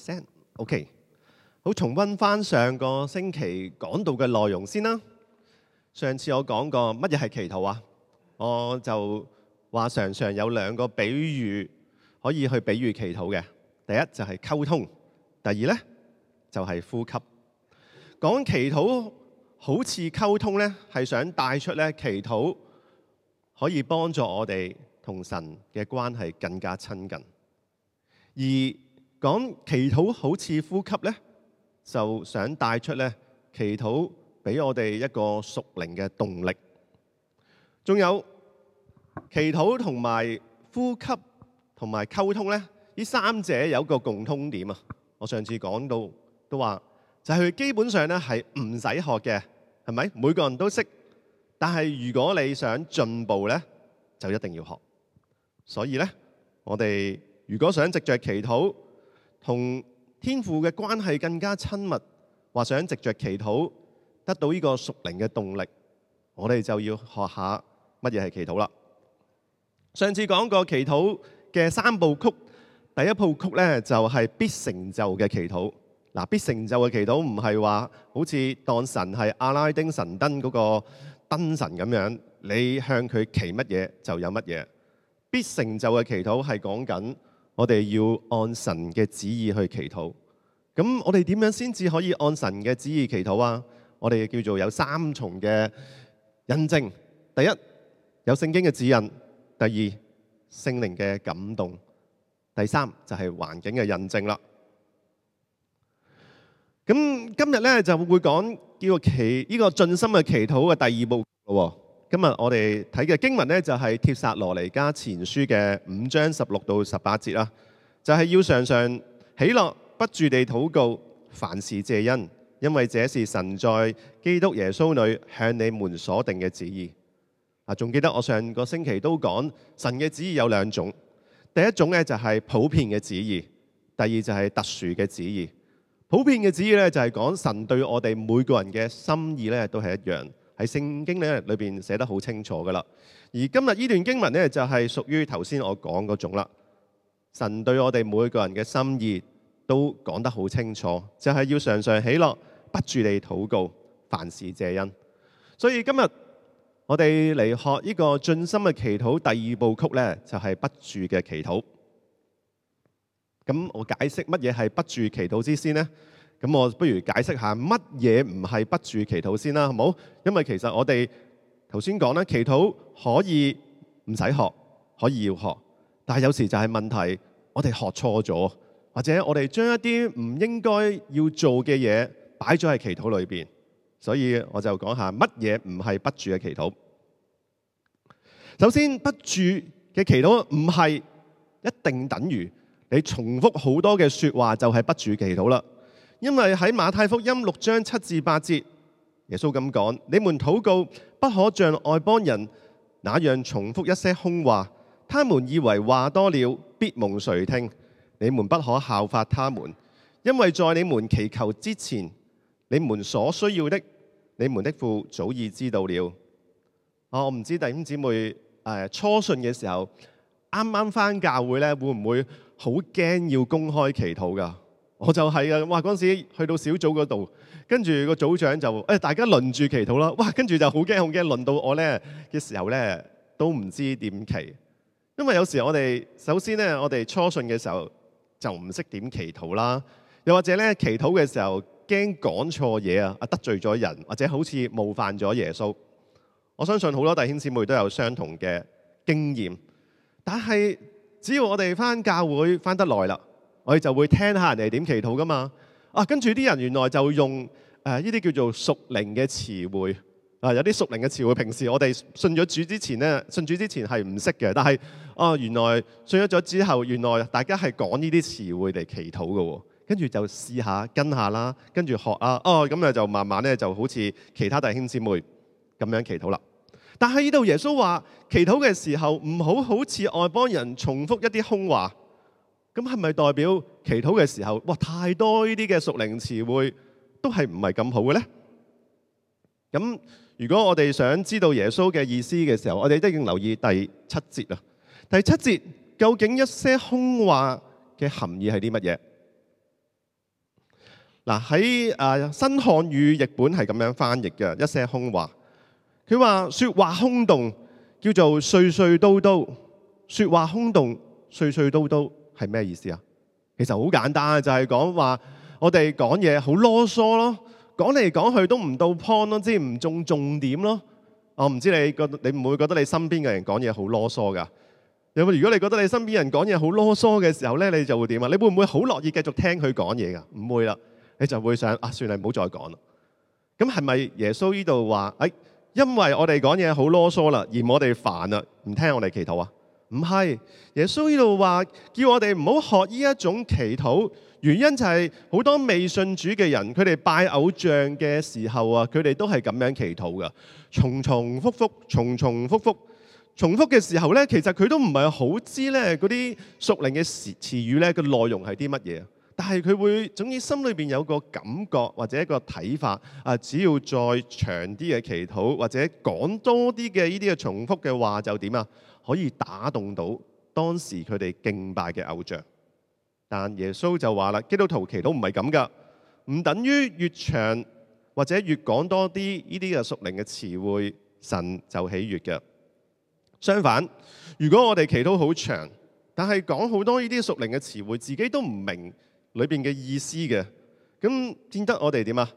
Set. OK，好，重溫返上個星期講到嘅內容先啦。上次我講過乜嘢係祈禱啊？我就話常常有兩個比喻可以去比喻祈禱嘅。第一就係溝通，第二呢，就係呼吸。講祈禱好似溝通呢，係想帶出呢祈禱可以幫助我哋同神嘅關係更加親近，而講祈禱好似呼吸呢，就想帶出呢祈禱俾我哋一個屬靈嘅動力。仲有祈禱同埋呼吸同埋溝通呢，呢三者有個共通點啊！我上次講到都話，就係佢基本上呢係唔使學嘅，係咪？每個人都識，但係如果你想進步呢，就一定要學。所以呢，我哋如果想藉著祈禱，同天父嘅關係更加親密，或想藉着祈禱得到呢個屬靈嘅動力，我哋就要學下乜嘢係祈禱啦。上次講過祈禱嘅三部曲，第一部曲呢就係必成就嘅祈禱。嗱，必成就嘅祈禱唔係話好似當神係阿拉丁神燈嗰個燈神咁樣，你向佢祈乜嘢就有乜嘢。必成就嘅祈禱係講緊，我哋要按神嘅旨意去祈禱，咁我哋點樣先至可以按神嘅旨意祈禱啊？我哋叫做有三重嘅印證：第一，有聖經嘅指引；第二，聖靈嘅感動；第三就係、是、環境嘅印證啦。咁今日咧就會講叫做、這個這個、祈呢個進深嘅祈禱嘅第二步。今日我哋睇嘅經文呢、就是，就係帖撒羅尼加前書嘅五章十六到十八節啦，就係要常常喜樂，不住地禱告，凡事謝恩，因為這是神在基督耶穌裏向你們所定嘅旨意。啊，仲記得我上個星期都講，神嘅旨意有兩種，第一種呢，就係普遍嘅旨意，第二就係特殊嘅旨意。普遍嘅旨意呢，就係講神對我哋每個人嘅心意呢，都係一樣。喺聖經咧裏邊寫得好清楚噶啦，而今日呢段經文呢，就係屬於頭先我講嗰種啦。神對我哋每個人嘅心意都講得好清楚，就係要常常喜樂，不住地禱告，凡事謝恩。所以今日我哋嚟學呢個進深嘅祈禱第二部曲呢，就係不住嘅祈禱。咁我解釋乜嘢係不住祈禱之先呢，咁我不如解釋下乜嘢唔係不住祈禱先啦，好唔好？因為其實我哋頭先講啦，祈禱可以唔使學，可以要學，但有時就係問題，我哋學錯咗，或者我哋將一啲唔應該要做嘅嘢擺咗喺祈禱裏面。所以我就講下乜嘢唔係不住嘅祈禱。首先，不住嘅祈禱唔係一定等於你重複好多嘅說話就係不住祈禱啦。因為喺馬太福音六章七至八節，耶穌咁講：你們禱告，不可像外邦人那樣重複一些空話，他們以為話多了必蒙誰聽。你們不可效法他們，因為在你們祈求之前，你們所需要的，你們的父早已知道了。哦、我唔知弟兄姊妹誒、呃、初信嘅時候，啱啱翻教會咧，會唔會好驚要公開祈禱噶？我就係啊！哇！嗰陣時去到小組嗰度，跟住個組長就誒，大家輪住祈禱啦。哇！跟住就好驚好驚，輪到我呢嘅時候呢，都唔知點祈。因為有時我哋首先呢，我哋初信嘅時候就唔識點祈禱啦。又或者呢，祈禱嘅時候驚講錯嘢啊，得罪咗人，或者好似冒犯咗耶穌。我相信好多弟兄姊妹都有相同嘅經驗。但係只要我哋翻教會翻得耐啦。佢就會聽下人哋點祈禱㗎嘛啊，跟住啲人原來就用誒呢啲叫做屬靈嘅詞彙啊，有啲屬靈嘅詞彙。平時我哋信咗主之前呢，信主之前係唔識嘅，但係啊，原來信咗咗之後，原來大家係講呢啲詞彙嚟祈禱嘅啊。跟住就試下跟下啦，跟住學啊，哦咁啊，就慢慢咧就好似其他弟兄姊妹咁樣祈禱啦。但係呢度耶穌話：祈禱嘅時候唔好好似外邦人重複一啲空話。咁係咪代表祈禱嘅時候，哇！太多呢啲嘅屬靈詞彙都係唔係咁好嘅呢？咁如果我哋想知道耶穌嘅意思嘅時候，我哋一定留意第七節啦。第七節究竟一些空話嘅含義係啲乜嘢？嗱，喺誒新漢語譯本係咁樣翻譯嘅，一些空話，佢話説話空洞叫做碎碎叨叨，説話空洞碎碎叨叨。係咩意思啊？其實好簡單啊，就係講話我哋講嘢好囉嗦咯，講嚟講去都唔到 point 咯，即係唔中重點咯。我唔知你覺你會唔會覺得你身邊嘅人講嘢好囉嗦㗎？有冇？如果你覺得你身邊人講嘢好囉嗦嘅時候咧，你就會點啊？你會唔會好樂意繼續聽佢講嘢㗎？唔會啦，你就會想啊，算啦，唔好再講啦。咁係咪耶穌呢度話？誒，因為我哋講嘢好囉嗦啦，而我哋煩啦，唔聽我哋祈禱啊？唔係，耶穌呢度話，叫我哋唔好學呢一種祈禱，原因就係好多未信主嘅人，佢哋拜偶像嘅時候啊，佢哋都係咁樣祈禱噶，重重複複，重重複複，重複嘅時候呢，其實佢都唔係好知呢嗰啲屬靈嘅詞詞語個嘅內容係啲乜嘢，但係佢會總之心裏邊有個感覺或者一個睇法，啊，只要再長啲嘅祈禱或者講多啲嘅呢啲嘅重複嘅話就點啊？可以打動到當時佢哋敬拜嘅偶像，但耶穌就話啦：基督徒祈禱唔係咁噶，唔等於越長或者越講多啲呢啲嘅屬靈嘅詞彙，神就喜悦嘅。相反，如果我哋祈禱好長，但係講好多呢啲屬靈嘅詞彙，自己都唔明裏邊嘅意思嘅，咁見得我哋點啊？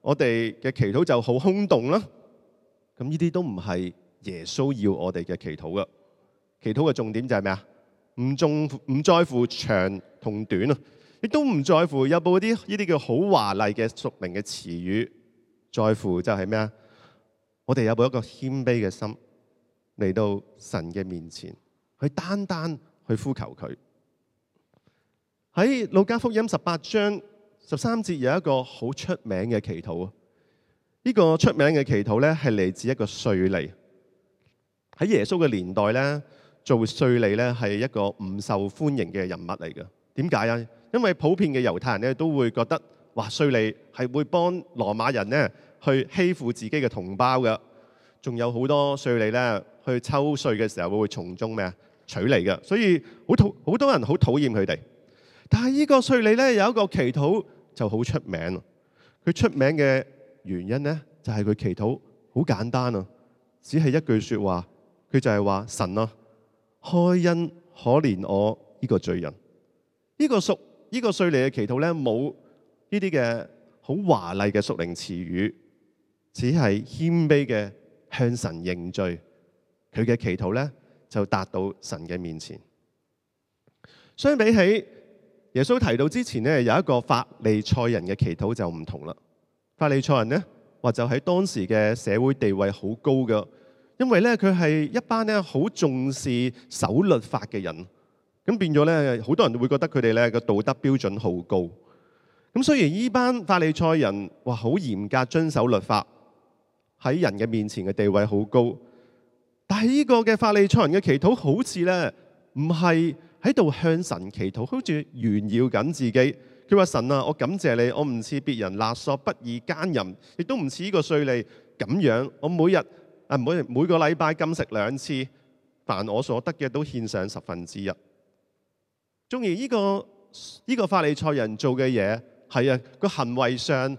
我哋嘅祈禱就好空洞啦。咁呢啲都唔係耶穌要我哋嘅祈禱噶。祈禱嘅重點就係咩啊？唔重唔在乎長同短啊，亦都唔在乎有冇啲呢啲叫好華麗嘅俗名嘅詞語，在乎就係咩啊？我哋有冇一個謙卑嘅心嚟到神嘅面前，去單單去呼求佢。喺《路加福音》十八章十三節有一個好出名嘅祈禱啊！呢、這個出名嘅祈禱咧，係嚟自一個稅吏。喺耶穌嘅年代咧。做稅吏咧，係一個唔受歡迎嘅人物嚟嘅。點解啊？因為普遍嘅猶太人咧都會覺得，哇！稅吏係會幫羅馬人咧去欺負自己嘅同胞嘅。仲有好多稅吏咧去抽稅嘅時候，會從中咩取利嘅。所以好討好多人好討厭佢哋。但係呢個稅吏咧有一個祈禱就好出名。佢出名嘅原因咧就係佢祈禱好簡單啊，只係一句説話，佢就係話神啊。開恩，可憐我呢個罪人。這個熟這個、呢個稅呢個稅吏嘅祈禱咧，冇呢啲嘅好華麗嘅屬靈詞語，只係謙卑嘅向神認罪。佢嘅祈禱咧就達到神嘅面前。相比起耶穌提到之前咧，有一個法利賽人嘅祈禱就唔同啦。法利賽人咧，話就喺當時嘅社會地位好高嘅。因為咧佢係一班咧好重視守律法嘅人，咁變咗咧好多人會覺得佢哋咧個道德標準好高。咁雖然呢班法利賽人哇好嚴格遵守律法，喺人嘅面前嘅地位好高，但係呢個嘅法利賽人嘅祈禱好似咧唔係喺度向神祈禱，好似炫耀緊自己。佢話神啊，我感謝你，我唔似別人勒索、不義奸淫，亦都唔似呢個稅吏咁樣。我每日啊！唔每個禮拜禁食兩次，凡我所得嘅都獻上十分之一。仲而呢、呢個呢、呢個法利賽人做嘅嘢係啊個行為上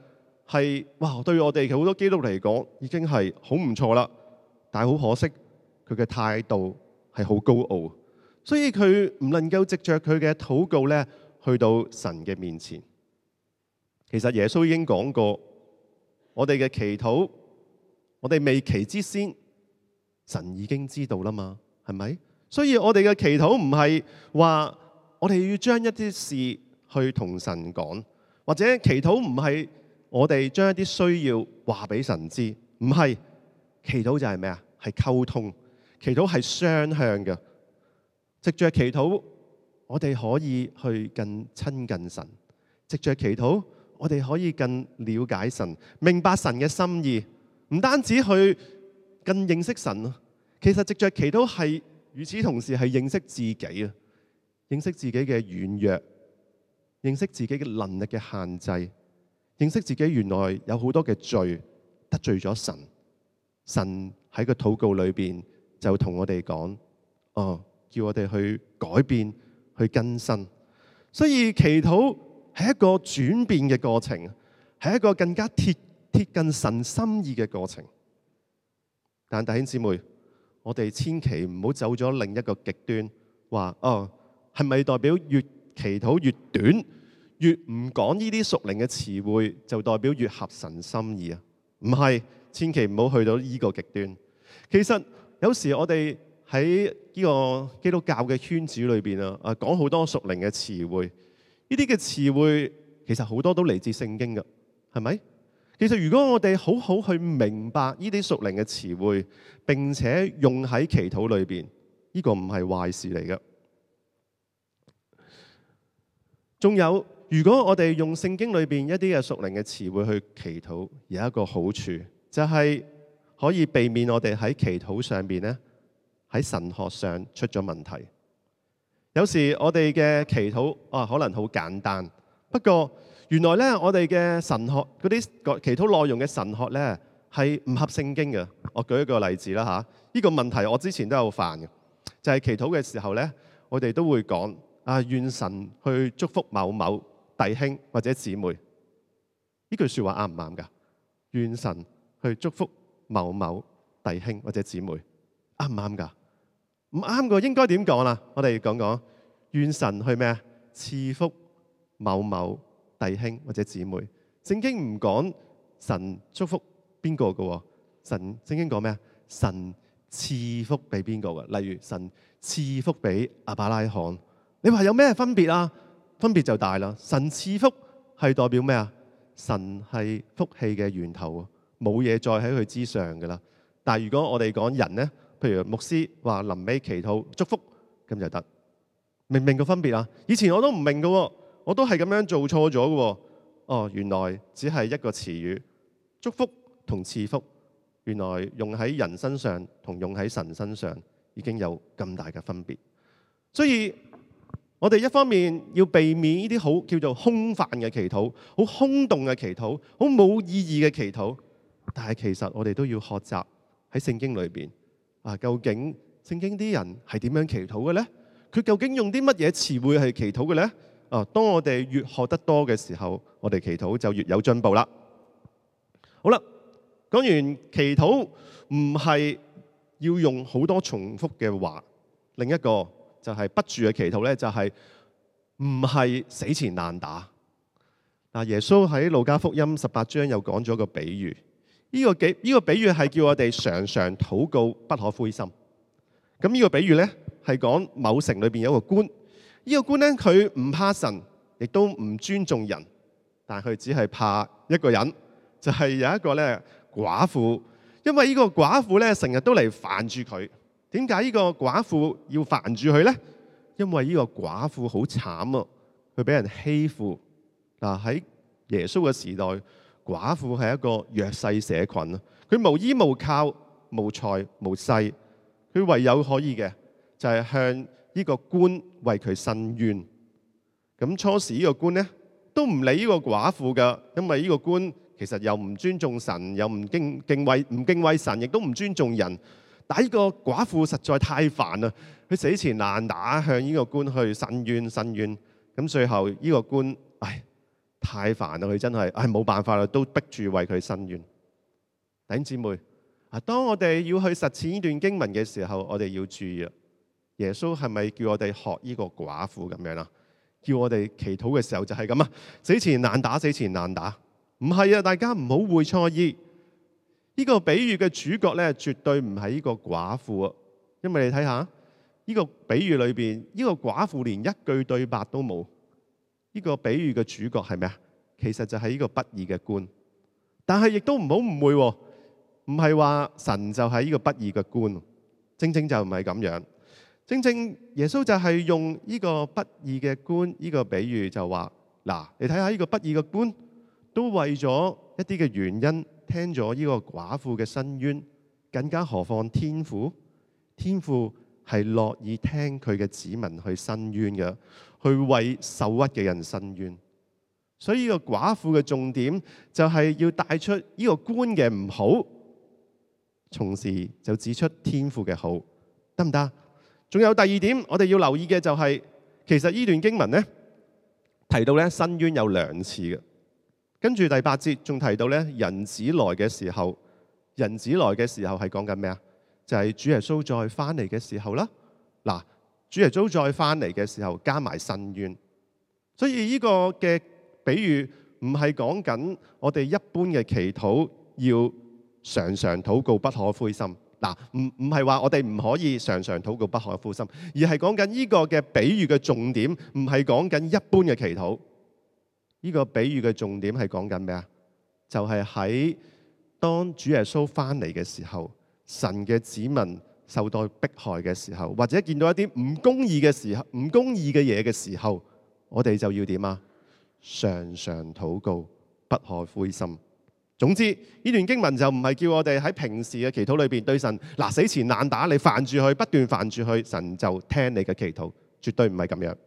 係哇，對我哋好多基督徒嚟講已經係好唔錯啦。但係好可惜，佢嘅態度係好高傲，所以佢唔能夠藉着佢嘅禱告呢去到神嘅面前。其實耶穌已經講過，我哋嘅祈禱，我哋未祈之先，神已經知道了嘛，係咪？所以我哋嘅祈禱唔係話我哋要將一啲事去同神講，或者祈禱唔係我哋將一啲需要話俾神知，唔係。祈禱就係咩啊？係溝通，祈禱係雙向嘅。藉著祈禱，我哋可以去更親近神；藉著祈禱，我哋可以更了解神，明白神嘅心意。唔單止去更認識神，其實藉著祈禱係與此同時係認識自己啊，認識自己嘅軟弱，認識自己嘅能力嘅限制，認識自己原來有好多嘅罪得罪咗神。神喺個禱告裏邊就同我哋講，哦，叫我哋去改變，去更新。所以祈禱係一個轉變嘅過程，係一個更加貼貼近神心意嘅過程，但大兄姊妹，我哋千祈唔好走咗另一個極端，話哦，係咪代表越祈禱越短，越唔講呢啲屬靈嘅詞彙，就代表越合神心意啊？唔係，千祈唔好去到呢個極端。其實有時我哋喺呢個基督教嘅圈子裏邊啊，啊講好多屬靈嘅詞彙，呢啲嘅詞彙其實好多都嚟自聖經噶，係咪？其實如果我哋好好去明白呢啲屬靈嘅詞彙，並且用喺祈禱裏邊，呢個唔係壞事嚟嘅。仲有，如果我哋用聖經裏邊一啲嘅屬靈嘅詞彙去祈禱，有一個好處就係可以避免我哋喺祈禱上邊呢，喺神學上出咗問題。有時我哋嘅祈禱啊，可能好簡單，不過。原來咧，我哋嘅神學嗰啲祈禱內容嘅神學咧，係唔合聖經嘅。我舉一個例子啦吓，呢個問題我之前都有犯嘅，就係祈禱嘅時候咧，我哋都會講啊，願神去祝福某某弟兄或者姊妹。呢句說話啱唔啱㗎？願神去祝福某某弟兄或者姊妹啱唔啱㗎？唔啱㗎，應該點講啦？我哋講講願神去咩啊？賜福某某。弟兄或者姊妹，聖經唔講神祝福邊個嘅，神聖經講咩啊？神賜福俾邊個嘅？例如神賜福俾亞伯拉罕，你話有咩分別啊？分別就大啦。神賜福係代表咩啊？神係福氣嘅源頭，冇嘢再喺佢之上嘅啦。但係如果我哋講人呢，譬如牧師話臨尾祈禱祝，祝福，咁就得，明唔明個分別啊！以前我都唔明嘅。我都係咁樣做錯咗嘅，哦，哦，原來只係一個詞語，祝福同賜福，原來用喺人身上同用喺神身上已經有咁大嘅分別。所以我哋一方面要避免呢啲好叫做空泛嘅祈禱、好空洞嘅祈禱、好冇意義嘅祈禱，但係其實我哋都要學習喺聖經裏邊啊，究竟聖經啲人係點樣祈禱嘅呢？佢究竟用啲乜嘢詞彙係祈禱嘅呢？當我哋越學得多嘅時候，我哋祈禱就越有進步啦。好啦，講完祈禱，唔係要用好多重複嘅話。另一個就係不住嘅祈禱咧，就係唔係死纏爛打。嗱，耶穌喺路加福音十八章又講咗個比喻，呢、呢個幾呢、呢個比喻係叫我哋常常禱告不可灰心。咁、呢、呢個比喻呢，係講某城裏邊有個官。呢個官咧，佢唔怕神，亦都唔尊重人，但佢只係怕一個人，就係有一個咧寡婦。因為呢個寡婦咧，成日都嚟煩住佢。點解呢個寡婦要煩住佢咧？因為呢個寡婦好慘啊，佢俾人欺負。嗱，喺耶穌嘅時代，寡婦係一個弱勢社群，啊，佢無依無靠、無財無勢，佢唯有可以嘅就係向呢個官為佢申冤，咁初時呢個官呢，都唔理呢個寡婦噶，因為呢個官其實又唔尊重神，又唔敬敬畏唔敬畏神，亦都唔尊重人。但係呢個寡婦實在太煩啦，佢死纏爛打向呢個官去申冤申冤。咁最後呢個官唉太煩啦，佢真係唉冇辦法啦，都逼住為佢申冤。弟兄姊妹啊，當我哋要去實踐呢段經文嘅時候，我哋要注意啦。耶穌係咪叫我哋學呢個寡婦咁樣啊？叫我哋祈禱嘅時候就係咁啊，死前難打，死前難打。唔係啊，大家唔好會錯意。呢個比喻嘅主角咧，絕對唔係呢個寡婦啊，因為你睇下，呢個比喻裏邊呢個寡婦連一句對白都冇。呢個比喻嘅主角係咩啊？其實就係呢個不義嘅官。但係亦都唔好誤會喎，唔係話神就係呢個不義嘅官，正正就唔係咁樣。正正耶穌就係用呢個不義嘅官，呢個比喻就話：嗱，你睇下呢個不義嘅官都為咗一啲嘅原因聽咗呢個寡婦嘅申冤，更加何況天父？天父係樂意聽佢嘅子民去申冤嘅，去為受屈嘅人申冤。所以呢個寡婦嘅重點就係要帶出呢個官嘅唔好，同時就指出天父嘅好，得唔得？仲有第二點，我哋要留意嘅就係，其實呢段經文呢提到咧，伸冤有兩次嘅。跟住第八節仲提到咧，人子來嘅時候，人子來嘅時候係講緊咩啊？就係主耶穌再翻嚟嘅時候啦。嗱，主耶穌再翻嚟嘅時候加埋伸冤，所以呢個嘅比喻唔係講緊我哋一般嘅祈禱，要常常禱告，不可灰心。唔唔係話我哋唔可以常常禱告，不可灰心，而係講緊呢個嘅比喻嘅重點，唔係講緊一般嘅祈禱。呢個比喻嘅重點係講緊咩啊？就係喺當主耶穌翻嚟嘅時候，神嘅子民受到迫害嘅時候，或者見到一啲唔公義嘅時候，唔公義嘅嘢嘅時候，我哋就要點啊？常常禱告，不可灰心。總之呢段經文就唔係叫我哋喺平時嘅祈禱裏邊對神嗱、啊、死纏爛打，你煩住佢，不斷煩住佢，神就聽你嘅祈禱，絕對唔係咁樣。嗯、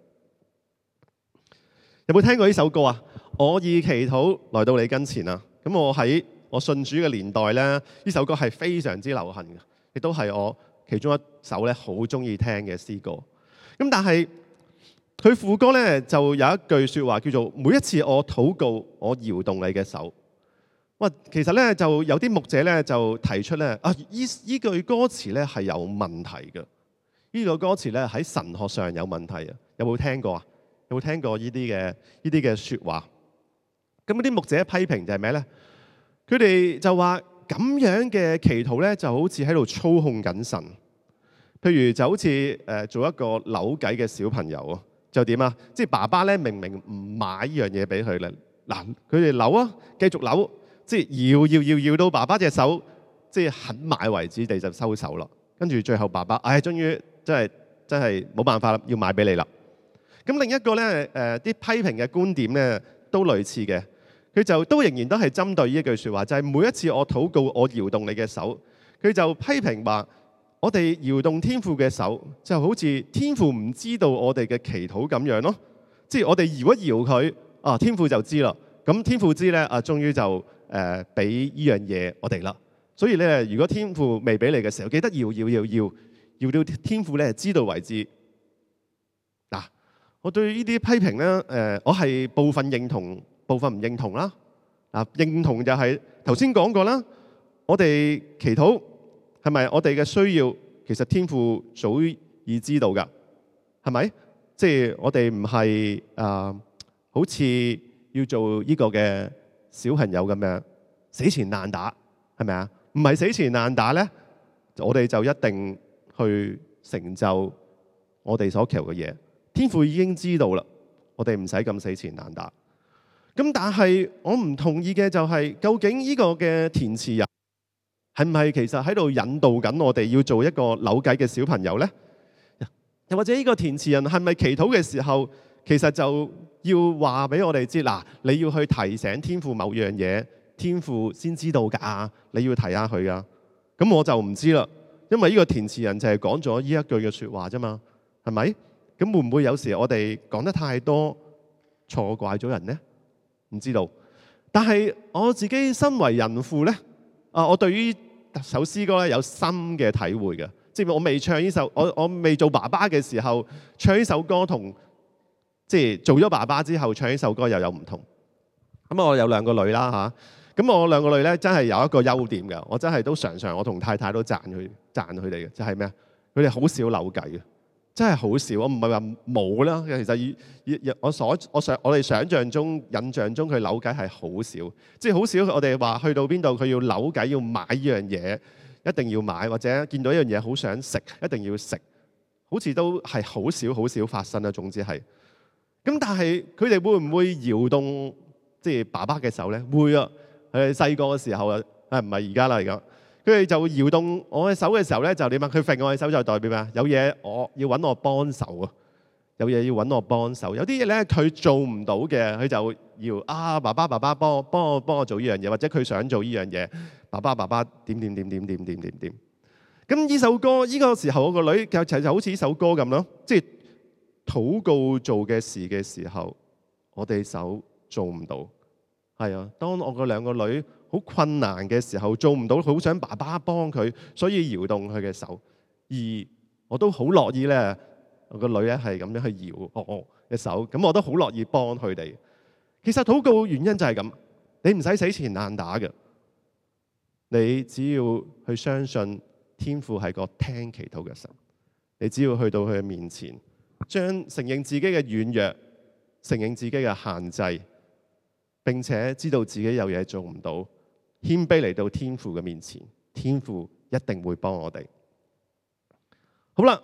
有冇聽過呢首歌啊？我以祈禱來到你跟前啊！咁我喺我信主嘅年代咧，呢首歌係非常之流行嘅，亦都係我其中一首咧好中意聽嘅詩歌。咁但係佢副歌咧就有一句說話叫做：每一次我禱告，我搖動你嘅手。喂，其實咧就有啲牧者咧就提出咧啊，依依句歌詞咧係有問題嘅。呢個歌詞咧喺神學上有問題啊！有冇聽過啊？有冇聽過呢啲嘅呢啲嘅說話？咁啲牧者批評就係咩咧？佢哋就話咁樣嘅祈禱咧，就好似喺度操控緊神。譬如就好似誒做一個扭計嘅小朋友啊，就點啊？即係爸爸咧明明唔買呢樣嘢俾佢咧嗱，佢哋扭啊，繼續扭。即係搖，搖，搖，搖到爸爸隻手，即係肯買為止，地就收手咯。跟住最後爸爸，唉，終於真係真係冇辦法啦，要買俾你啦。咁另一個呢誒啲批評嘅觀點呢都類似嘅。佢就都仍然都係針對呢一句説話，就係每一次我禱告，我搖動你嘅手。佢就批評話：我哋搖動天父嘅手，就好似天父唔知道我哋嘅祈禱咁樣咯。即係我哋搖一搖佢啊，天父就知啦。咁天父知呢，啊，終於就。誒俾呢樣嘢我哋啦，所以咧，如果天父未俾你嘅時候，記得要要要要要到天父咧知道為止。嗱、啊，我對評呢啲批評咧，誒，我係部分認同，部分唔認同啦。啊，認同就係頭先講過啦，我哋祈禱係咪？是是我哋嘅需要其實天父早已知道㗎，係咪？即、就、係、是、我哋唔係啊，好似要做呢個嘅。小朋友咁樣死纏爛打係咪啊？唔係死纏爛打咧，我哋就一定去成就我哋所求嘅嘢。天父已經知道啦，我哋唔使咁死纏爛打。咁但係我唔同意嘅就係，究竟呢個嘅填詞人係唔係其實喺度引導緊我哋要做一個扭計嘅小朋友咧？又或者呢個填詞人係咪祈禱嘅時候？其實就要話俾我哋知嗱，你要去提醒天父某樣嘢，天父先知道㗎。你要提下佢啊。咁我就唔知啦，因為呢個填詞人就係講咗呢一句嘅説話啫嘛，係咪？咁會唔會有時我哋講得太多，錯怪咗人呢？唔知道。但係我自己身為人父呢，啊，我對於首詩歌咧有深嘅體會嘅，即係我未唱呢首，我我未做爸爸嘅時候唱呢首歌同。即係做咗爸爸之後唱呢首歌又有唔同。咁、嗯、啊，我有兩個女啦吓。咁、啊、我兩個女咧真係有一個優點嘅，我真係都常常我同太太都讚佢讚佢哋嘅，就係咩啊？佢哋好少扭計嘅，真係好少。我唔係話冇啦，其實以我所我想我哋想象中、印象中佢扭計係好少，即係好少。我哋話去到邊度佢要扭計要買一樣嘢，一定要買，或者見到一樣嘢好想食，一定要食，好似都係好少好少發生啦。總之係。咁但係佢哋會唔會搖動即係、就是、爸爸嘅手咧？會啊！係細個嘅時候啊，啊唔係而家啦而家，佢哋就搖動我嘅手嘅時候咧，就點啊？佢揈我嘅手就代表咩？有嘢我要揾我幫手啊！有嘢要揾我幫手。有啲嘢咧，佢做唔到嘅，佢就要啊！爸爸爸爸幫我幫我幫我做呢樣嘢，或者佢想做呢樣嘢，爸爸爸爸點點點點點點點點。咁呢首歌呢、呢個時候我個女就就好似呢首歌咁咯，即、就、係、是。禱告做嘅事嘅時候，我哋手做唔到係啊。當我個兩個女好困難嘅時候，做唔到，好想爸爸幫佢，所以搖動佢嘅手。而我都好樂意咧，個女咧係咁樣去搖我嘅手。咁我都好樂意幫佢哋。其實禱告原因就係咁，你唔使死纏爛打嘅，你只要去相信天父係個聽祈禱嘅神，你只要去到佢嘅面前。將承認自己嘅軟弱，承認自己嘅限制，並且知道自己有嘢做唔到，謙卑嚟到天父嘅面前，天父一定會幫我哋。好啦，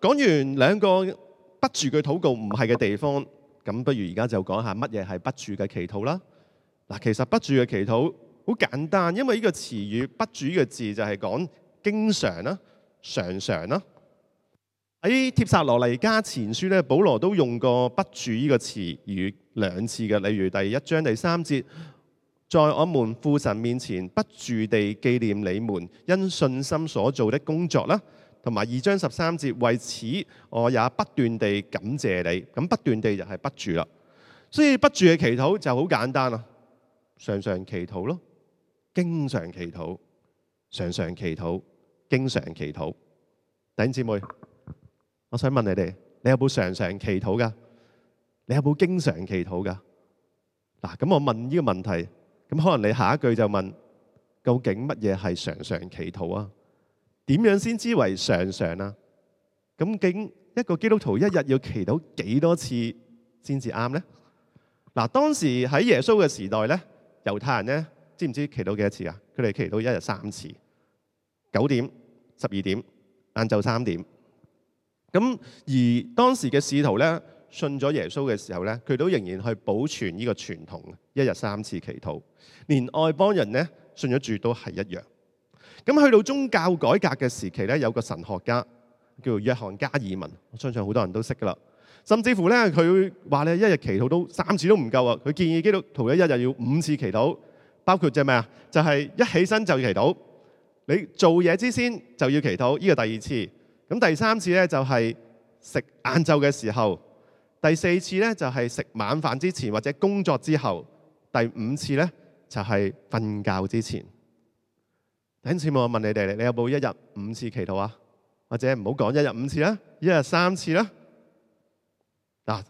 講完兩個不住嘅禱告唔係嘅地方，咁不如而家就講下乜嘢係不住嘅祈禱啦。嗱，其實不住嘅祈禱好簡單，因為呢個詞語“不住”嘅字就係講經常啦、常常啦。喺帖撒羅尼迦前書咧，保羅都用過不住呢個詞語兩次嘅，例如第一章第三節，在我們父神面前不住地紀念你們因信心所做的工作啦，同埋二章十三節，為此我也不斷地感謝你。咁不斷地就係不住啦，所以不住嘅祈禱就好簡單啦，常常祈禱咯，經常祈禱，常常祈禱，經常祈禱。弟兄姊妹。我想問你哋：你有冇常常祈禱㗎？你有冇經常祈禱㗎？嗱，咁我問呢個問題，咁可能你下一句就問：究竟乜嘢係常常祈禱啊？點樣先知為常常啊？咁竟一個基督徒一日要祈禱幾多次先至啱呢？嗱，當時喺耶穌嘅時代咧，猶太人咧，知唔知祈禱幾多次啊？佢哋祈禱到一日三次，九點、十二點、晏晝三點。咁而當時嘅使徒咧，信咗耶穌嘅時候咧，佢都仍然去保存呢個傳統，一日三次祈禱。連外邦人咧，信咗主都係一樣。咁去到宗教改革嘅時期咧，有個神學家叫做約翰加爾文，我相信好多人都識噶啦。甚至乎咧，佢話咧，一日祈禱都三次都唔夠啊！佢建議基督徒一日要五次祈禱，包括即係咩啊？就係一起身就要祈禱，你做嘢之先就要祈禱，呢個第二次。咁第三次咧就係食晏晝嘅時候，第四次咧就係食晚飯之前或者工作之後，第五次咧就係瞓覺之前。第一次我問你哋，你有冇一日五次祈禱啊？或者唔好講一日五次啦，一日三次啦。嗱，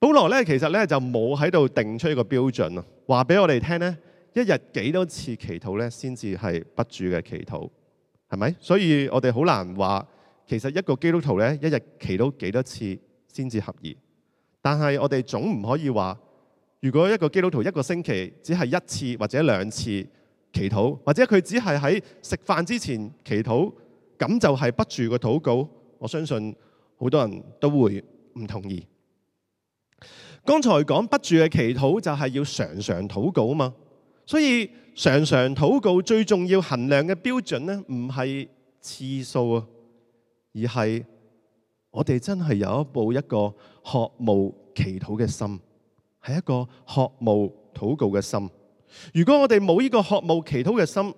保羅咧其實咧就冇喺度定出一個標準咯，話俾我哋聽咧，一日幾多次祈禱咧先至係不住嘅祈禱。係咪？所以我哋好難話，其實一個基督徒咧，一日祈禱幾多次先至合意？但係我哋總唔可以話，如果一個基督徒一個星期只係一次或者兩次祈禱，或者佢只係喺食飯之前祈禱，咁就係不住嘅禱告。我相信好多人都會唔同意。剛才講不住嘅祈禱就係要常常禱告嘛，所以。常常禱告最重要衡量嘅標準呢，唔係次數啊，而係我哋真係有一部一個渴慕祈禱嘅心，係一個渴慕禱告嘅心。如果我哋冇呢個渴慕祈禱嘅心，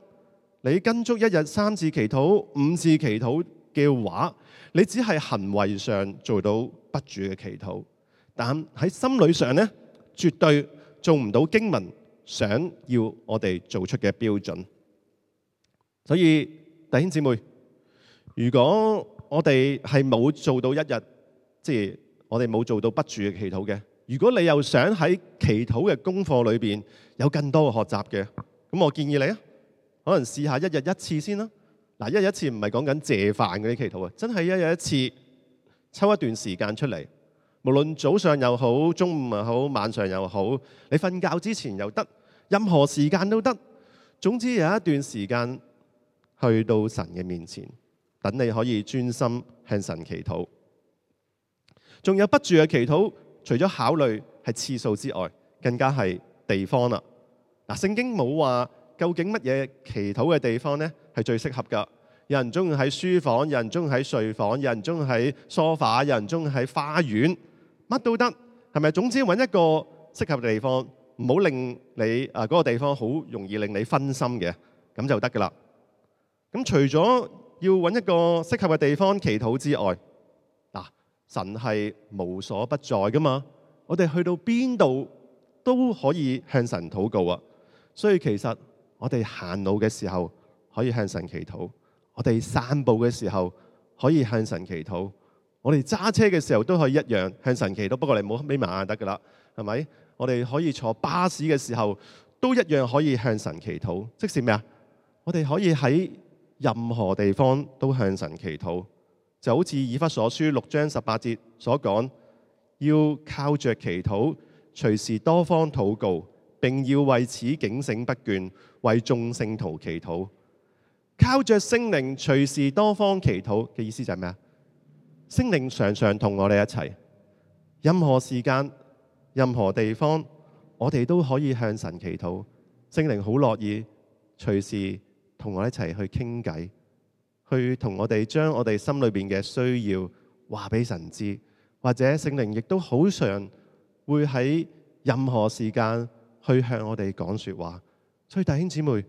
你跟足一日三次祈禱，五次祈禱嘅話，你只係行為上做到不住嘅祈禱，但喺心理上呢，絕對做唔到經文想要我哋做出嘅標準，所以弟兄姊妹，如果我哋係冇做到一日，即係我哋冇做到不住嘅祈禱嘅，如果你又想喺祈禱嘅功課裏面有更多嘅學習嘅，咁我建議你啊，可能試下一日一次先啦。嗱，一日一次唔係講緊謝飯嗰啲祈禱啊，真係一日一次，抽一段時間出嚟。無論早上又好，中午又好，晚上又好，你瞓覺之前又得，任何時間都得。總之有一段時間去到神嘅面前，等你可以專心向神祈禱。仲有不住嘅祈禱，除咗考慮係次數之外，更加係地方啦。嗱，聖經冇話究竟乜嘢祈禱嘅地方呢係最適合㗎。有人鍾意喺書房，有人鍾意喺睡房，有人鍾意喺梳化，有人鍾意喺花園。乜都得，係咪？總之搵一個適合嘅地方，唔好令你啊嗰個地方好容易令你分心嘅，咁就得噶啦咁除咗要搵一個適合嘅地方祈禱之外，嗱，神係無所不在噶嘛我哋去到邊度都可以向神禱告啊。所以其實我哋行路嘅時候可以向神祈禱，我哋散步嘅時候可以向神祈禱。我哋揸車嘅時候都可以一樣向神祈禱，不過你唔好眯埋眼得噶啦，係咪？我哋可以坐巴士嘅時候都一樣可以向神祈禱，即是咩啊？我哋可以喺任何地方都向神祈禱，就好似以弗所書六章十八節所講，要靠着祈禱，隨時多方禱告，並要為此警醒不倦，為眾聖徒祈禱。靠着聖靈隨時多方祈禱嘅意思就係咩啊？聖靈常常同我哋一齊，任何時間、任何地方，我哋都可以向神祈禱。聖靈好樂意隨時同我一齊去傾偈，去同我哋將我哋心裏面嘅需要話俾神知，或者聖靈亦都好常會喺任何時間去向我哋講說話。所以，弟兄姊妹，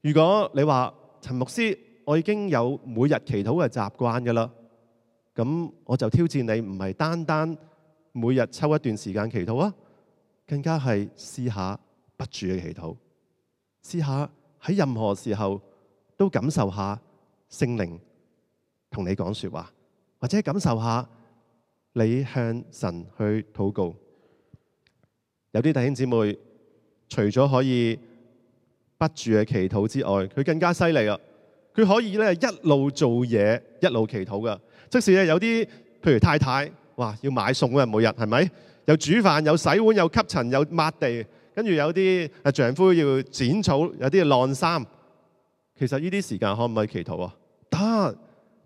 如果你話陳牧師，我已經有每日祈禱嘅習慣㗎啦。咁我就挑戰你，唔係單單每日抽一段時間祈禱啊，更加係試下不住嘅祈禱，試下喺任何時候都感受下聖靈同你講說話，或者感受下你向神去禱告。有啲弟兄姊妹除咗可以不住嘅祈禱之外，佢更加犀利啊！佢可以咧一路做嘢，一路祈禱噶。即使有啲，譬如太太，哇，要買餸啊，每日係咪？有煮飯，有洗碗，有吸塵，有抹地，跟住有啲丈夫要剪草，有啲晾衫。其實呢啲時間可唔可以祈禱啊？得，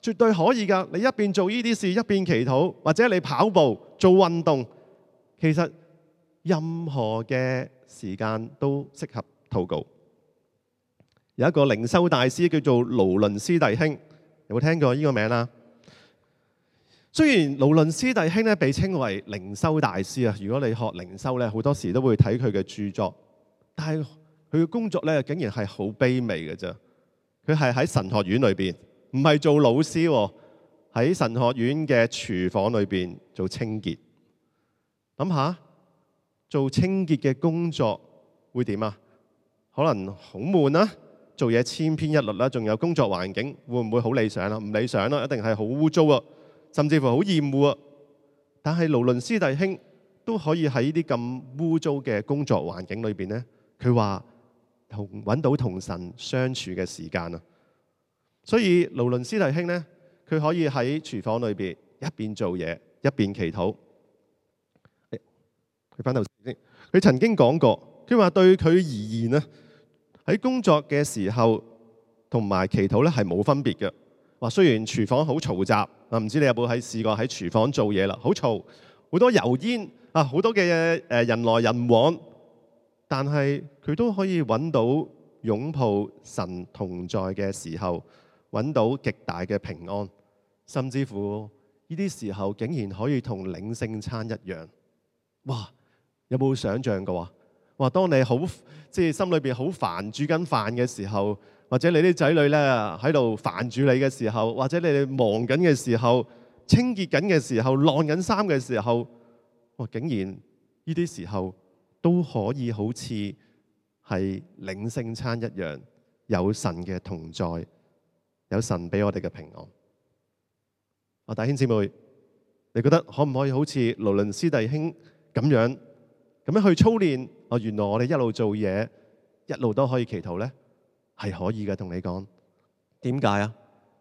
絕對可以㗎。你一邊做呢啲事一邊祈禱，或者你跑步做運動，其實任何嘅時間都適合禱告。有一個靈修大師叫做勞倫斯弟兄，有冇聽過呢個名啊？雖然勞倫斯弟兄咧被稱為靈修大師啊，如果你學靈修咧，好多時都會睇佢嘅著作，但係佢嘅工作咧竟然係好卑微嘅啫。佢係喺神學院裏邊，唔係做老師喎，喺神學院嘅廚房裏邊做清潔。諗下做清潔嘅工作會點啊？可能好悶啦，做嘢千篇一律啦，仲有工作環境會唔會好理想啊？唔理想啦，一定係好污糟啊！甚至乎好厭惡啊，但係勞倫斯弟兄都可以喺呢啲咁污糟嘅工作環境裏邊咧，佢話同揾到同神相處嘅時間啊！所以勞倫斯弟兄咧，佢可以喺廚房裏邊一邊做嘢一邊祈禱。佢翻頭先，佢曾經講過，佢話對佢而言咧，喺工作嘅時候同埋祈禱咧係冇分別嘅。話雖然廚房好嘈雜，啊唔知你有冇喺試過喺廚房做嘢啦？好嘈，好多油煙啊，好多嘅誒人來人往，但係佢都可以揾到擁抱神同在嘅時候，揾到極大嘅平安，甚至乎呢啲時候竟然可以同領聖餐一樣，哇！有冇想象過啊？話當你好即係心裏邊好煩，煮緊飯嘅時候。或者你啲仔女咧喺度煩住你嘅時候，或者你哋忙緊嘅時候、清潔緊嘅時候、晾緊衫嘅時候，哇、哦！竟然呢啲時候都可以好似係領聖餐一樣，有神嘅同在，有神俾我哋嘅平安。啊、哦，弟兄姊妹，你覺得可唔可以好似勞倫斯弟兄咁樣咁樣去操練？哦，原來我哋一路做嘢，一路都可以祈禱咧。係可以嘅，同你講，點解啊？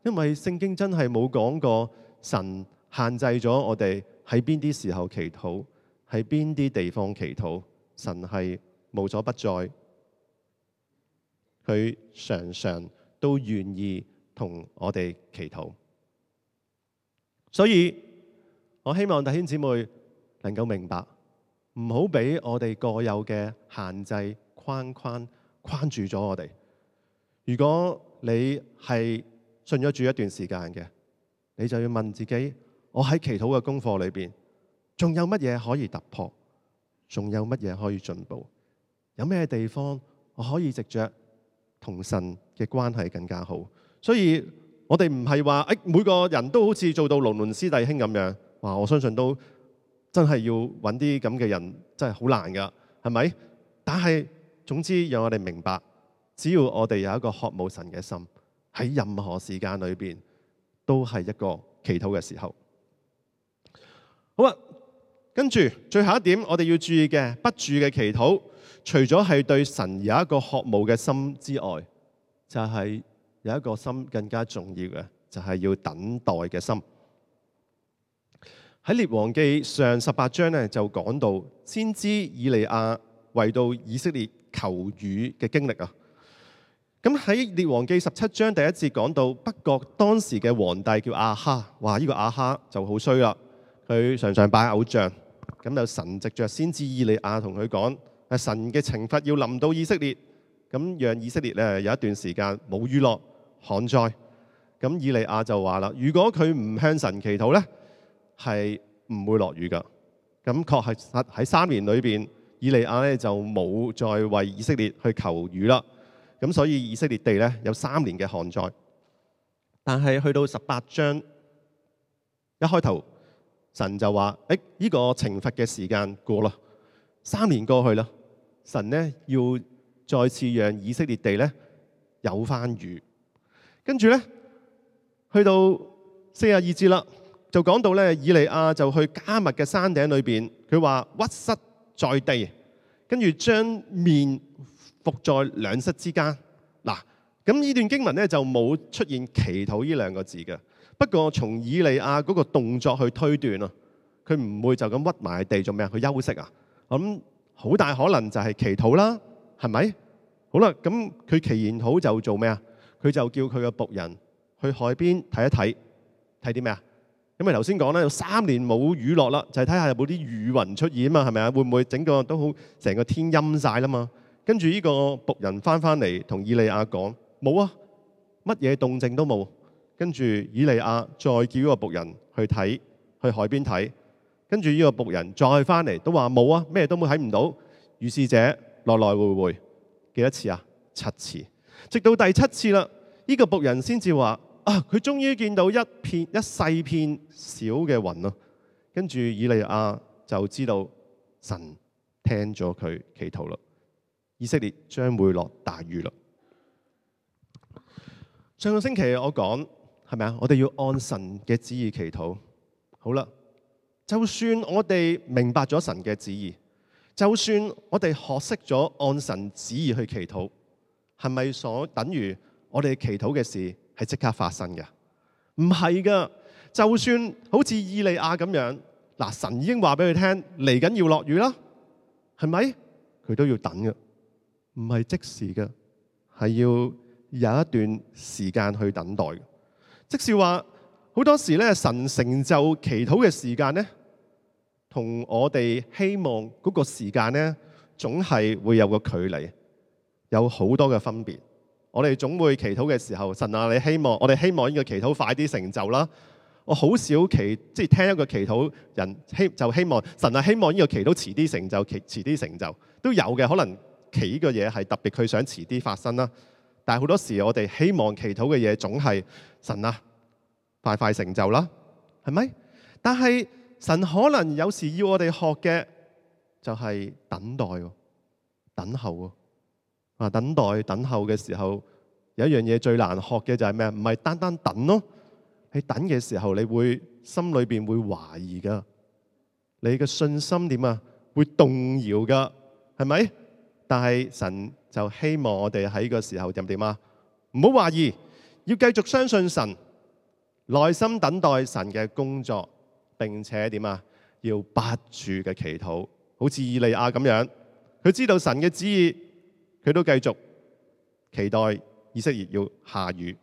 因為聖經真係冇講過神限制咗我哋喺邊啲時候祈禱，喺邊啲地方祈禱。神係無所不在，佢常常都願意同我哋祈禱。所以我希望弟兄姊妹能夠明白，唔好俾我哋各有嘅限制框框，框住咗我哋。.如果你係信咗主一段時間嘅，你就要問自己：我喺祈禱嘅功課裏邊，仲有乜嘢可以突破？仲有乜嘢可以進步？有咩地方我可以藉著同神嘅關係更加好？所以我們不是說，我哋唔係話誒每個人都好似做到羅倫斯弟兄咁樣。哇！我相信都真係要揾啲咁嘅人，真係好難㗎，係咪？但係總之，讓我哋明白。只要我哋有一個渴慕神嘅心，喺任何時間裏邊都係一個祈禱嘅時候。好啊，跟住最後一點，我哋要注意嘅不住嘅祈禱，除咗係對神有一個渴慕嘅心之外，就係有一個心更加重要嘅，就係要等待嘅心。喺列王記上十八章咧，就講到先知以利亞為到以色列求雨嘅經歷啊。咁喺《列王記》十七章第一節講到，北國當時嘅皇帝叫阿哈，哇！呢個阿哈就好衰啦。佢常常拜偶像，咁就神藉着先知以利亞同佢講：神嘅懲罰要臨到以色列，咁讓以色列咧有一段時間冇雨落，旱災。咁以利亞就話啦：如果佢唔向神祈禱咧，係唔會落雨噶。咁確係喺三年裏面，以利亞咧就冇再為以色列去求雨啦。咁所以以色列地咧有三年嘅旱災，但係去到十八章一開頭，神就話：，誒，呢個懲罰嘅時間過啦，三年過去啦，神呢，要再次讓以色列地咧有番雨。跟住咧去到四十二節啦，就講到咧以利亞就去加密嘅山頂裏邊，佢話屈膝在地，跟住將面。伏在兩膝之間嗱，咁呢段經文咧就冇出現祈禱呢兩個字嘅。不過從以利亞嗰個動作去推斷啊，佢唔會就咁屈埋地做咩啊？去休息啊？咁好大可能就係祈禱啦，係咪？好啦，咁佢祈完禱就做咩啊？佢就叫佢個僕人去海邊睇一睇睇啲咩啊？因為頭先講咧有三年冇雨落啦，就係睇下有冇啲雨雲出現啊？嘛係咪啊？會唔會整個都好成個天陰曬啦？嘛？跟住呢個僕人翻返嚟同以利亞講冇啊，乜嘢動靜都冇。跟住以利亞再叫個僕人去睇，去海邊睇。跟住呢個僕人再翻嚟都話冇啊，咩都冇，睇唔到。如是者來來回回幾多次啊？七次，直到第七次啦，呢個僕人先至話啊，佢終於見到一片一細片小嘅雲咯，啊。跟住以利亞就知道神聽咗佢祈禱啦。以色列將會落大雨啦。上個星期我講係咪啊？我哋要按神嘅旨意祈禱。好啦，就算我哋明白咗神嘅旨意，就算我哋學識咗按神旨意去祈禱，係咪所等於我哋祈禱嘅事係即刻發生嘅？唔係噶，就算好似以利亞咁樣，嗱，神已經話俾佢聽嚟緊要落雨啦，係咪？佢都要等嘅。唔係即時嘅，係要有一段時間去等待。即使話好多時咧，神成就祈禱嘅時間咧，同我哋希望嗰個時間咧，總係會有個距離，有好多嘅分別。我哋總會祈禱嘅時候，神啊，你希望我哋希望呢個祈禱快啲成就啦。我好少祈即係聽一個祈禱人希就希望神啊，希望呢個祈禱遲啲成就，遲啲成就都有嘅，可能。祈嘅嘢係特別佢想遲啲發生啦，但係好多時我哋希望祈禱嘅嘢總係神啊，快快成就啦，係咪？但係神可能有時要我哋學嘅就係等待，等候啊！等待等候嘅時候，有一樣嘢最難學嘅就係咩？唔係單單等咯，你等嘅時候你會心裏邊會懷疑噶，你嘅信心點啊？會動搖噶，係咪？但是神就希望我哋喺個時候就點啊？唔好懷疑，要繼續相信神，耐心等待神嘅工作，並且點啊？要不住嘅祈禱，好似以利亞咁樣，佢知道神嘅旨意，佢都繼續期待以色列要下雨。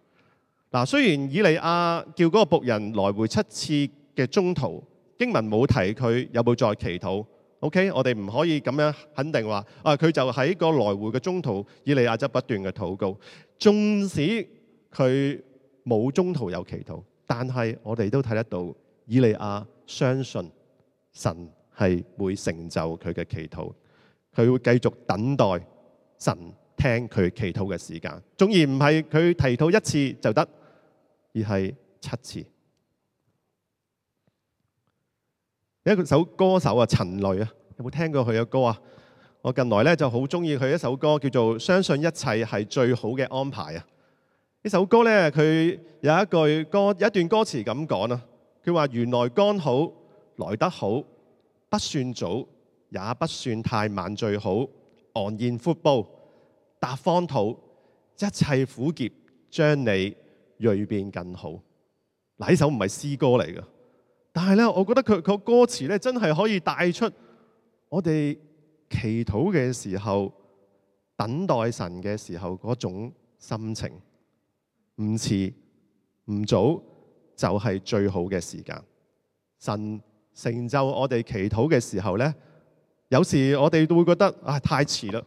雖然以利亞叫嗰個僕人來回七次嘅中途，經文冇提佢有冇再祈禱。O.K. 我哋唔可以咁樣肯定話，啊佢就喺個來回嘅中途，以利亞則不斷嘅禱告。縱使佢冇中途有祈禱，但係我哋都睇得到，以利亞相信神係會成就佢嘅祈禱。佢會繼續等待神聽佢祈禱嘅時間，總而唔係佢祈禱一次就得，而係七次。一首歌手啊，陳雷啊，有冇聽過佢嘅歌啊？我近來呢就好中意佢一首歌，叫做《相信一切係最好嘅安排》啊！呢首歌呢，佢有一句歌有一段歌詞咁講啦，佢話原來剛好來得好，不算早也不算太晚，最好昂然闊步踏荒土，一切苦澀將你蛻變更好。嗱，呢首唔係詩歌嚟㗎。但係咧，我覺得佢個歌詞咧，真係可以帶出我哋祈禱嘅時候、等待神嘅時候嗰種心情。唔遲唔早就係最好嘅時間。神成就我哋祈禱嘅時候呢，有時我哋都會覺得啊，太遲啦。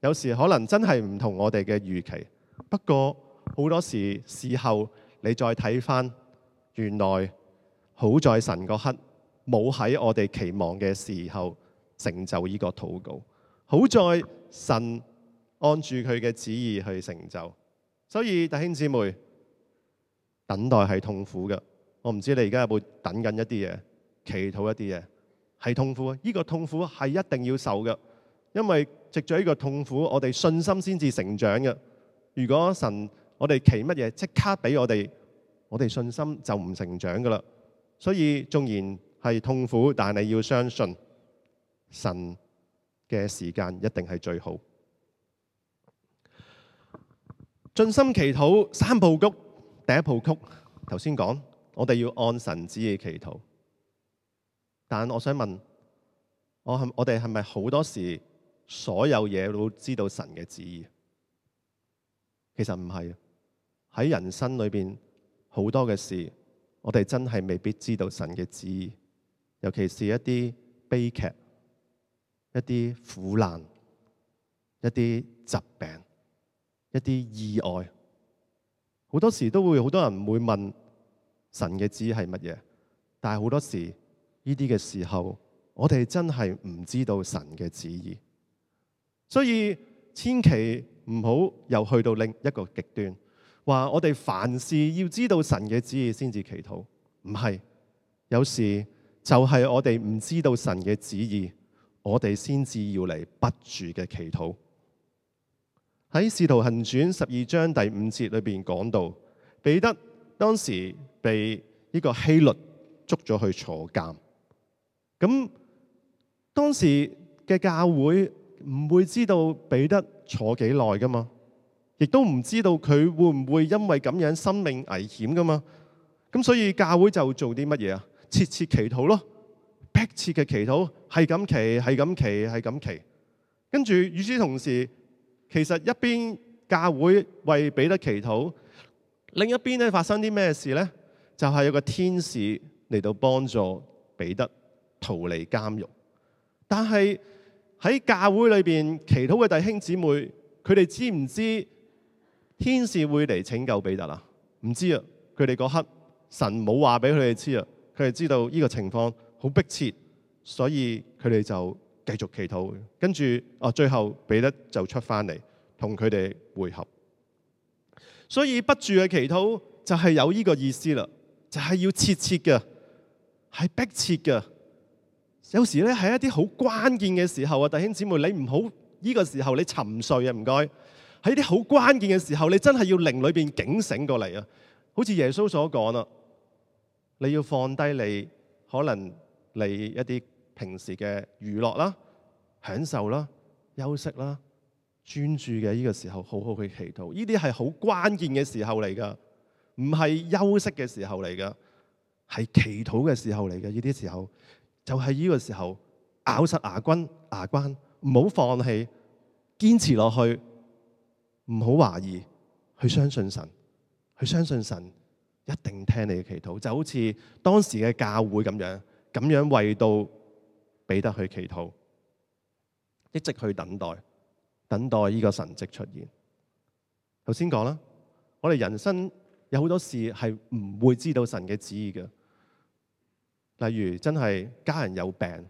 有時可能真係唔同我哋嘅預期。不過好多時事後你再睇翻，原來，好在神嗰刻冇喺我哋期望嘅時候成就呢個禱告。好在神按住佢嘅旨意去成就。所以弟兄姊妹，等待係痛苦噶。我唔知你而家有冇等緊一啲嘢，祈禱一啲嘢，係痛苦呀。呢個痛苦係一定要受嘅，因為藉住呢個痛苦，我哋信心先至成長嘅。如果神我哋祈乜嘢，即刻俾我哋，我哋信心就唔成長噶啦。所以縱然係痛苦，但你要相信神嘅時間一定係最好。進深祈禱三步曲，第一步曲頭先講，我哋要按神旨意祈禱。但我想問，我係我哋係咪好多時所有嘢都知道神嘅旨意？其實唔係，喺人生裏邊好多嘅事。我哋真係未必知道神嘅旨意，尤其是一啲悲劇、一啲苦難、一啲疾病、一啲意外，好多時都會好多人會問神嘅旨意係乜嘢，但係好多時呢啲嘅時候，我哋真係唔知道神嘅旨意，所以千祈唔好又去到另一個極端。話我哋凡事要知道神嘅旨意先至祈禱，唔係有時就係我哋唔知道神嘅旨意，我哋先至要嚟不住嘅祈禱。喺《使徒行傳》十二章第五節裏邊講到，彼得當時被呢個希律捉咗去坐監，咁當時嘅教會唔會知道彼得坐幾耐噶嘛。亦都唔知道佢會唔會因為咁樣，生命危險㗎嘛。咁所以教會就做啲乜嘢呀？切切祈禱囉。迫切嘅祈禱，係咁祈，係咁祈，係咁祈。跟住，與此同時，其實一邊教會為彼得祈禱，另一邊發生啲咩事呢？就係有個天使嚟到幫助彼得逃離監獄。但係，喺教會裏面，祈禱嘅弟兄姊妹，佢哋知唔知，天使會嚟拯救彼得啦，唔知啊，佢哋嗰刻神冇話俾佢哋知啊，佢哋知道呢個情況好迫切，所以佢哋就繼續祈禱，跟住哦，最後彼得就出翻嚟同佢哋會合。所以不住嘅祈禱就係有呢個意思啦，就係、是、要切切嘅，係迫切嘅。有時咧喺一啲好關鍵嘅時候啊，弟兄姊妹，你唔好呢個時候你沉睡啊，唔該。喺啲好關鍵嘅時候，你真係要靈裏邊警醒過嚟啊！好似耶穌所講啦，你要放低你可能你一啲平時嘅娛樂啦、享受啦、休息啦、專注嘅呢個時候，好好去祈禱。呢啲係好關鍵嘅時候嚟噶，唔係休息嘅時候嚟噶，係祈禱嘅時候嚟嘅。呢啲時候就係、是、呢個時候咬實牙關牙關，唔好放棄，堅持落去。唔好懷疑，去相信神，去相信神一定聽你嘅祈禱，就好似當時嘅教會咁樣，咁樣為到彼得去祈禱，一直去等待，等待呢個神跡出現。頭先講啦，我哋人生有好多事係唔會知道神嘅旨意嘅，例如真係家人有病，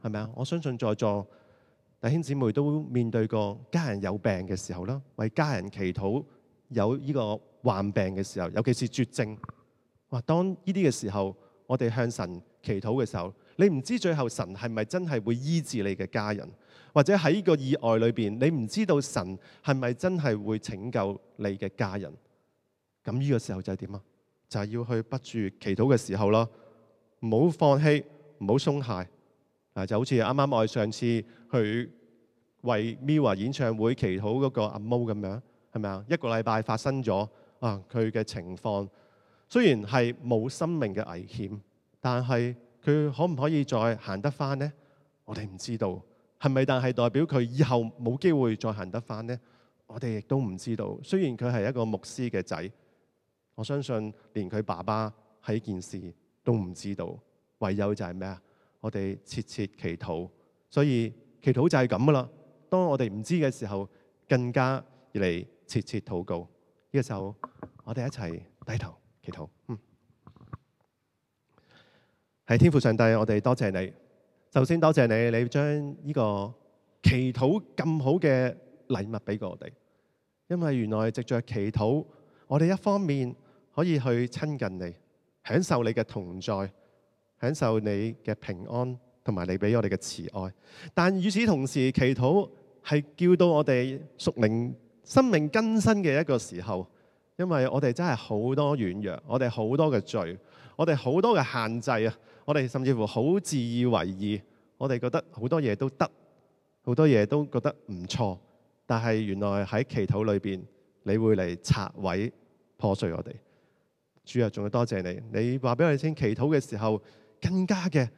係咪啊？我相信在座，兄姊妹都面對過家人有病嘅時候啦，為家人祈禱有呢個患病嘅時候，尤其是絕症，或當呢啲嘅時候，我哋向神祈禱嘅時候，你唔知最後神係咪真係會醫治你嘅家人，或者喺呢個意外裏邊，你唔知道神係咪真係會拯救你嘅家人。咁呢個時候就係點啊？就係要去不住祈禱嘅時候咯，唔好放棄，唔好鬆懈。啊，就好似啱啱我哋上次去為 MIRROR 演唱會祈禱嗰個阿 Mo 咁樣，係咪啊？一個禮拜發生咗，啊，佢嘅情況雖然係冇生命嘅危險，但係佢可唔可以再行得返呢？我哋唔知道，係咪？但係代表佢以後冇機會再行得返呢？我哋亦都唔知道。雖然佢係一個牧師嘅仔，我相信連佢爸爸喺件事都唔知道，唯有就係咩啊？我哋切切祈禱，所以祈禱就係咁噶啦。當我哋唔知嘅時候，更加嚟切切禱告。呢個時候，我哋一齊低頭祈禱。嗯，係天父上帝，我哋多謝你。首先多謝你，你將呢個祈禱咁好嘅禮物俾我哋。因為原來藉着祈禱，我哋一方面可以去親近你，享受你嘅同在。享受你嘅平安同埋你俾我哋嘅慈愛，但與此同時，祈禱係叫到我哋屬靈生命更新嘅一個時候，因為我哋真係好多軟弱，我哋好多嘅罪，我哋好多嘅限制啊，我哋甚至乎好自以為義，我哋覺得好多嘢都得，好多嘢都覺得唔錯，但係原來喺祈禱裏邊，你會嚟拆毀破碎我哋。主啊，仲要多謝你，你話俾我哋聽，祈禱嘅時候。更加嘅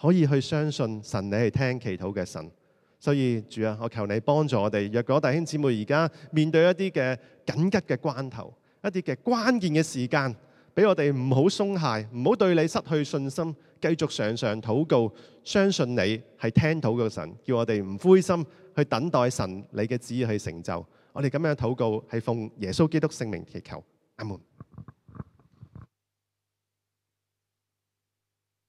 可以去相信神，你係聽祈禱嘅神。所以主啊，我求你幫助我哋。若果弟兄姊妹而家面對一啲嘅緊急嘅關頭，一啲嘅關鍵嘅時間，俾我哋唔好鬆懈，唔好對你失去信心，繼續常常禱告，相信你係聽禱告嘅神，叫我哋唔灰心去等待神你嘅旨意去成就。我哋咁樣禱告，係奉耶穌基督聖名祈求。阿門。